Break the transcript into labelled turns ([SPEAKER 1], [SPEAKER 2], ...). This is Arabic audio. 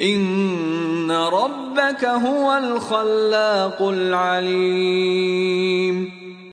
[SPEAKER 1] إن ربك هو الخلاق العليم